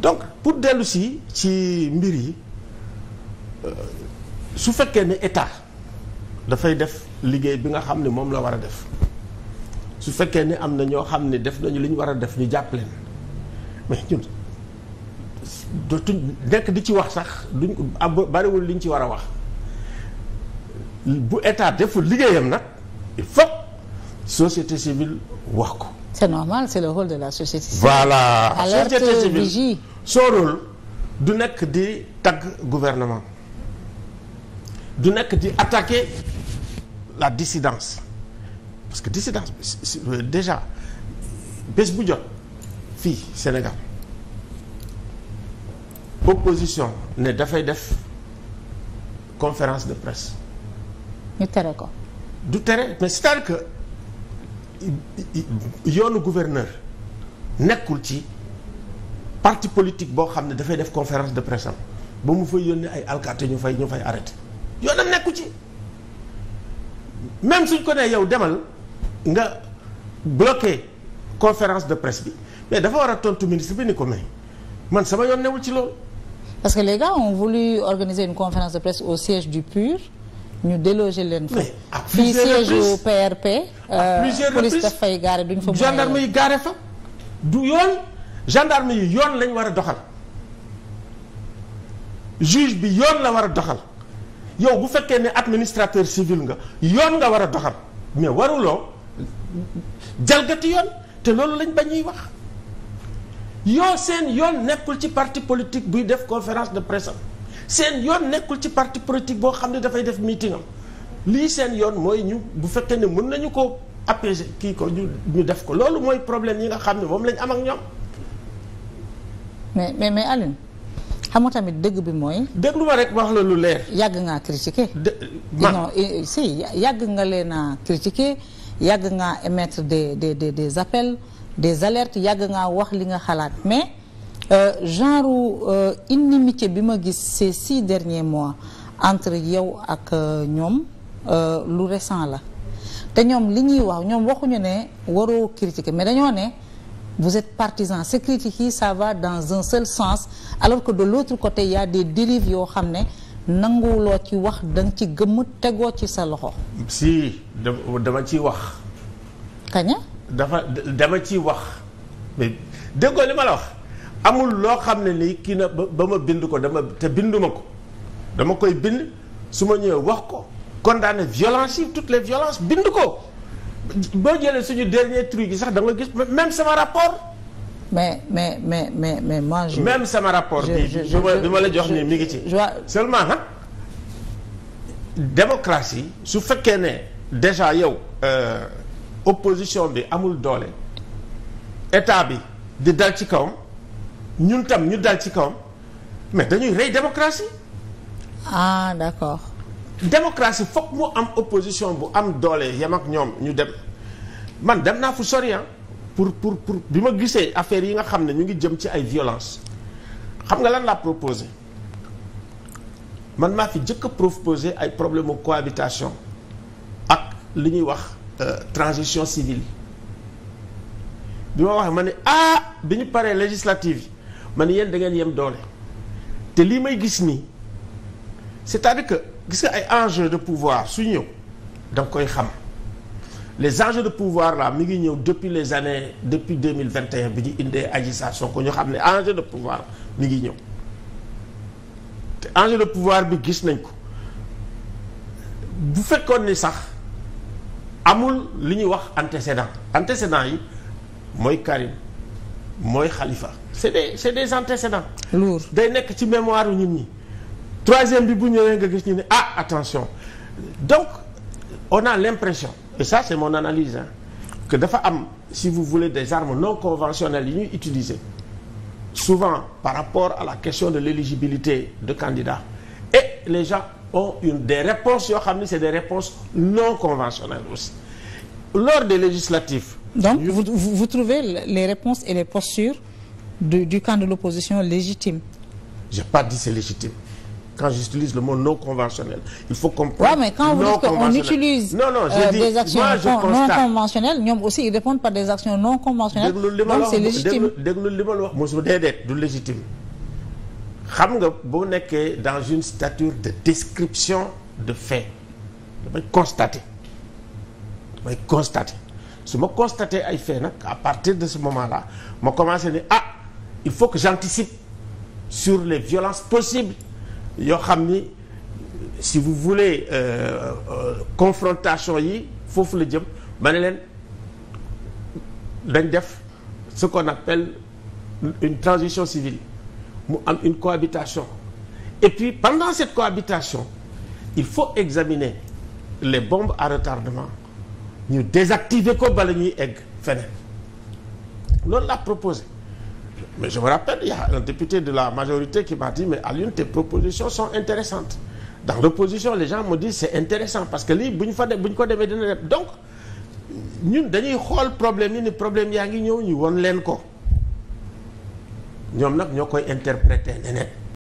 donc pour dellu si ci mbir yi euh, su fekkee ne état dafay def liggéey bi nga xam ne moom la war a def su fekkee ne am na ñoo xam ne def nañu li ñu war a def ñu jàpp leen mais ñun dootuñ nekk di ci wax sax duñ bariwul liñ ci war a wax bu état deful liggéeyam nag il faut société civile wax ko. c'est normal c'est le rôle de la société civile. voilà société civile son rôle du nekk di tagg gouvernement du nekk di attaquer la dissidence parce que dissidence euh, déjà bés bu jot fii Sénégal opposition ne dafay def conférence de presse. ñu tere ko. du tere mais cest à que yoonu gouverneur nekkul ci. parti politique boo xam ne dafay def conférence de presse am ba mu fay yónnee ay alkaati ñu fay ñu fay arrêté yoonam nekku ci même suñ ko nee yow demal nga bloqué conférence de presse bi mais dafa war a tontu ministre bi ni ko mais man sama yoon newul ci loolu. parce que les gars ont voulu organiser une conférence de presse au siège du PUR ñu déloger leen fa. fii siège au PRP. à plusieurs euh, reprises police daf fay gaare duñ fa. gendarme yi gaare fa du yoon. gendarme yi yoon lañ war a doxal juge bi yoon la war a doxal yow bu fekkee ne administrateur civil nga yoon nga war a doxal mais waruloo jalgati yoon te loolu lañ ba ñuy wax yoo seen yoon nekkul ci parti politique buy def conférence de presse seen yoon nekkul ci parti politique boo xam ne dafay def meeting am lii seen yoon mooy ñu bu fekkee ne mun nañu ko apaiser kii ko ñu ñu def ko loolu mooy problème yi nga xam ne moom lañ am ak ñoom mais mais mais Aline xam nga tamit dëgg bi mooy. déglu ma rek wax la lu leer. yàgg ngaa critiquer. dë non eh, eh, yàgg nga leen a critiquer yàgg ngaa émettre des des des des appels des alertes yàgg ngaa wax li nga xalaat mais euh, genre euh, inimitié bi ma gis ces dernier mois entre yow ak euh, ñoom euh, lu récent la te ñoom li ñuy wax ñoom waxuñu ne waroo critiquer mais dañoo ne. vous êtes partisan ces critiques yi ça va dans un seul sens alors que de l'autre côté il y a des dérives yoo xam ne nanguwuloo ci wax da ci gëmm tegoo ci sa loxo. si dama ciy wax. kaña. dafa dama ci wax mais déggoo li ma la wax amul loo xam ne nii kii na ba ma bind ko dama te binduma ko dama koy bind su ma ñëwee wax ko condamner violence yi toutes le violences bind ko. boo jëlee suñu dernier truc yi sax da nga gis même sama rapport. mais mais mais mais mais moi. même sama rapport. bi bi ma la jox nii mu ngi ci. seulement nag démocratie su fekkee ne déjà yow euh, opposition bi amul doole état bi di dal ci kawam ñun tam ñu dal ci kawam mais dañuy rey démocratie. ah d'accord. démocratie foog mu am opposition bu am doole yem ak ñoom ñu dem man dem naa fu sori ah, pour pour pour bi ma gisee affaire yi nga xam ne ñu ngi jëm ci ay violence xam nga lan laa proposé man maa fi jëkk a proposé ay problème mu cohabitation ak li ñuy wax euh, transition civile bi ma wax ma ne ah bi ñu paree législative yi ma ne yéen da ngeen yem doole te lii may gis nii c'est-à-dire que gis ay enjeux de pouvoir su ñëw koy xam les enjeux de pouvoir là mi ngi ñëw depuis les années depuis 2021 bi ñu indee Adji Sarr ñu xam ne enjeu de mi ngi ñëw te enjeu de pouvoir bi gis nañ ko bu fekkoon ni sax amul li ñuy wax antécédent antécédent yi mooy Karim mooy Khalifa c'est des c'est des antécédents lourd day nekk ci mémoire yu ñun ñi troisième bi bu ñëwee nga gis ñu ne ah attention donc on a l'impression et ça c'est mon analyse que dafa am si vous voulez des armes non conventionnelles yi ñuy utiliser souvent par rapport à la question de l'éligibilité de candidats et les gens ont une des réponses yoo xam ne c'est des réponses non conventionnelles aussi lors des législatives donc vous, vous, vous trouvez les réponses et les postures du, du camp de l'opposition légitimes j'ai pas dit c'est légitime quand j'utilise le mot non conventionnel il faut comprendre. Ouais, mais quand vous dites qu'on utilise. non non je euh, dis des actions moi, je non, constate. non conventionnelles ñoom aussi ils répondent par des actions non conventionnelles. donc c'est légitime déglu li ma la wax mosu déedéet du légitime. xam nga boo nekkee dans une stature de description de fait damay constater damay constater su ma constater ay fait nag à partir de ce moment là ma commencé ni ah il faut que j'anticipe sur les violences possibles. yoo xam ni si vous voulez euh, euh, confrontation yi foofu la jëm ma leen dañ def ce qu'on appelle une transition civile mu am une cohabitation et puis pendant cette cohabitation il faut examiner les bombes à retardement ñu désactiver ko bala ñuy egg feneen loolu laa proposé mais je me rappelle il a un député de la majorité qui m'a dit mais Alioune tes propositions sont intéressantes dans l'opposition les gens me c'est intéressant parce que lii bu ñu fa de bu ñu ko demee dina dem donc ñun dañuy xool problème yi ni problème yaa ngi ñëw ñu won leen ko ñoom nag ñoo koy interprété neneen